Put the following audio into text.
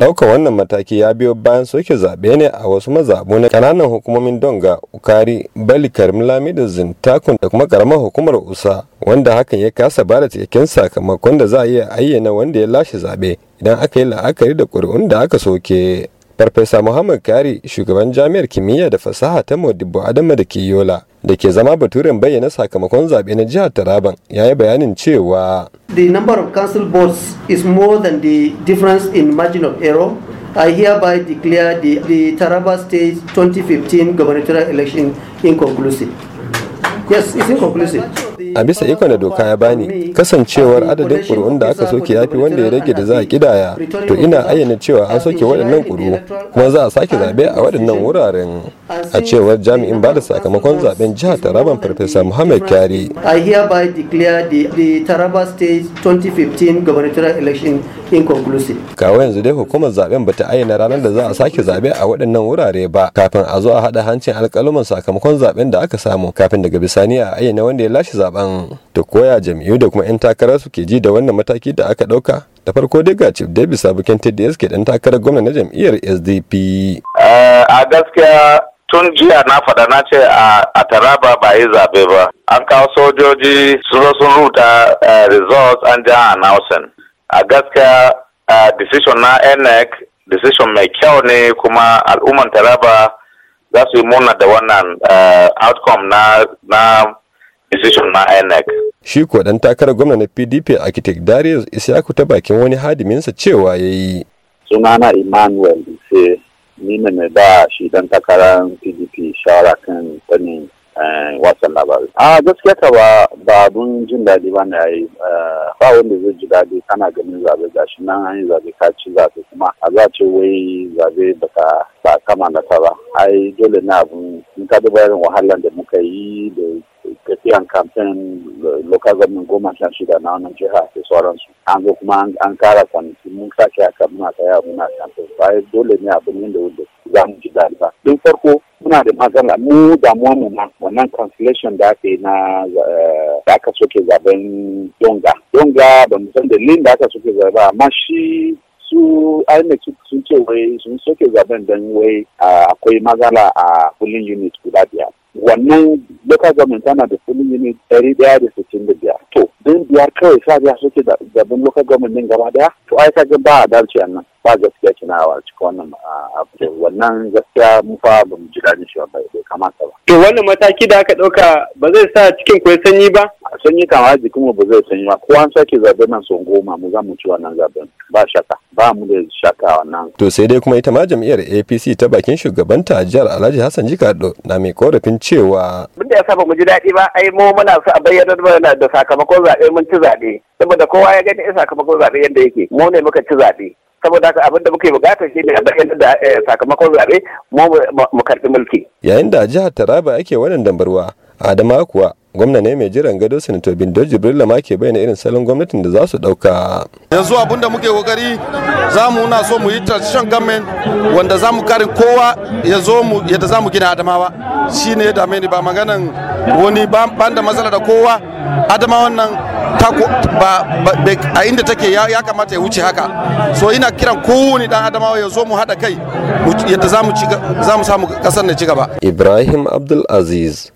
ɗaukar wannan mataki ya biyo bayan soke zaɓe ne a wasu mazaɓu na ƙananan hukumomin donga ukari balikar da zintakun da kuma ƙaramar hukumar usa wanda hakan ya kasa ba da cikakken sakamakon da za a iya ayyana wanda ya lashe zaɓe idan aka yi la'akari da ƙuri'un da aka soke Farfesa Muhammad Kari shugaban jami'ar kimiyya da fasaha ta Modibo Adama da ke Yola da ke zama baturen bayyana sakamakon zaɓe na jihar Taraban ya yi bayanin cewa The number of council votes is more than the difference in margin of error. I hereby declare the, the Taraba State 2015 gubernatorial election inconclusive. Yes, it's inconclusive. a bisa ikon da doka ya bani kasancewar adadin ƙuri'un da aka soke ya fi wanda ya rage da za a kidaya to ina ayyana cewa an soke waɗannan kuru kuma za a sake zaɓe a waɗannan wuraren a cewar jami'in bada sakamakon zaben jihar taraban farfesa muhammad kyari i hereby declare the, the taraba state 2015 gubernatorial election inconclusive kawo yanzu dai hukumar zaben bata ayyana ranar da za a sake zabe a waɗannan wurare ba kafin a zo a haɗa hancin alƙaluman sakamakon zaben da aka samu kafin daga bisani a ayyana wanda ya lashe zaben da koya jam'iyyu da kuma 'yan takara su ke ji da wannan mataki da aka ɗauka da farko dai ga chief davis abokin tds ke dan takarar gwamna na jam'iyyar sdp eh, a gaskiya tun jiya na faɗa na ce a taraba ba yi zaɓe ba an kawo sojoji sun sun ruta eh, results an ja announcing a gaskiya eh, decision na enec decision mai kyau ne kuma al'umman taraba za su yi murna da wannan eh, outcome na na decision na enec shi ko dan takarar gwamna na pdp architect darius isyaku ta bakin wani hadiminsa cewa ya yi sunana emmanuel sai ni ne mai ba shi dan takaran pdp shawara kan sanin eh, wasan labarai a gaskiya ka ba abun jin daɗi ba na yi eh, ba wanda zai ji daɗi kana ganin zabe gashi nan an yi zabe ka ci zabe kuma a za ce wai zabe ka ba kama na ba ai dole na abun in ka duba irin wahalar da muka yi da tafiyan kamfen local government goma sha shida na wannan jiha da sauransu an zo kuma an kara kwanaki mun sake haka muna tsaya muna kamfen bayan dole ne abin yin da wanda za mu ji daɗi ba don farko muna da magana mu damuwa mu ma wannan cancellation da aka yi na da aka soke zaben donga donga ba mu san dalilin da aka soke zaben amma shi su INEC sun ce wai sun soke zaben don wai akwai magana a polling unit guda biyar wannan local government tana da fulin yini ɗari ɗaya da sittin da biyar to don biyar kawai sa biya suke da zabin local government din gaba ɗaya. to ai ka ga ba a dalci nan ba gaskiya kina cikin wannan abu wannan gaskiya mu fa ba mu ji daɗin shi ba bai kamata ba. to wannan mataki da aka ɗauka ba zai sa cikin ku sanyi ba sanyi kan a jikin mu ba zai sanyi ba ko an sake zabe nan son goma mu za mu ci wannan zaben ba shaka ba mu da shaka wannan to sai dai kuma ita ma jam'iyyar APC ta bakin shugabanta jihar Alhaji Hassan Jikado na mai korafin cewa abin da ya saba mu ji daɗi ba ai mu muna so a bayyana mana da sakamakon zabe mun ci zabe saboda kowa ya gani sakamakon zabe yadda yake mu ne muka ci zaɓe saboda haka abin da muke bukata shi ne a bayyana da eh, sakamakon zaɓe mu mu karbi mulki yayin da jihar Taraba ake wannan dambarwa Adama kuwa gwamna ne mai jiran gado sanato bindo jibrila ma ke bayyana irin salon gwamnatin da za su dauka yanzu abun da muke kokari za mu na so mu yi transition government wanda za mu kare kowa ya zo mu yadda za mu gina adamawa shine ya dame ni ba maganan wani ban da matsala da kowa adamawan nan a inda take ya kamata ya wuce haka so ina kiran kowani dan adamawa ya zo mu haɗa kai yadda za mu samu kasar na ci gaba ibrahim abdulaziz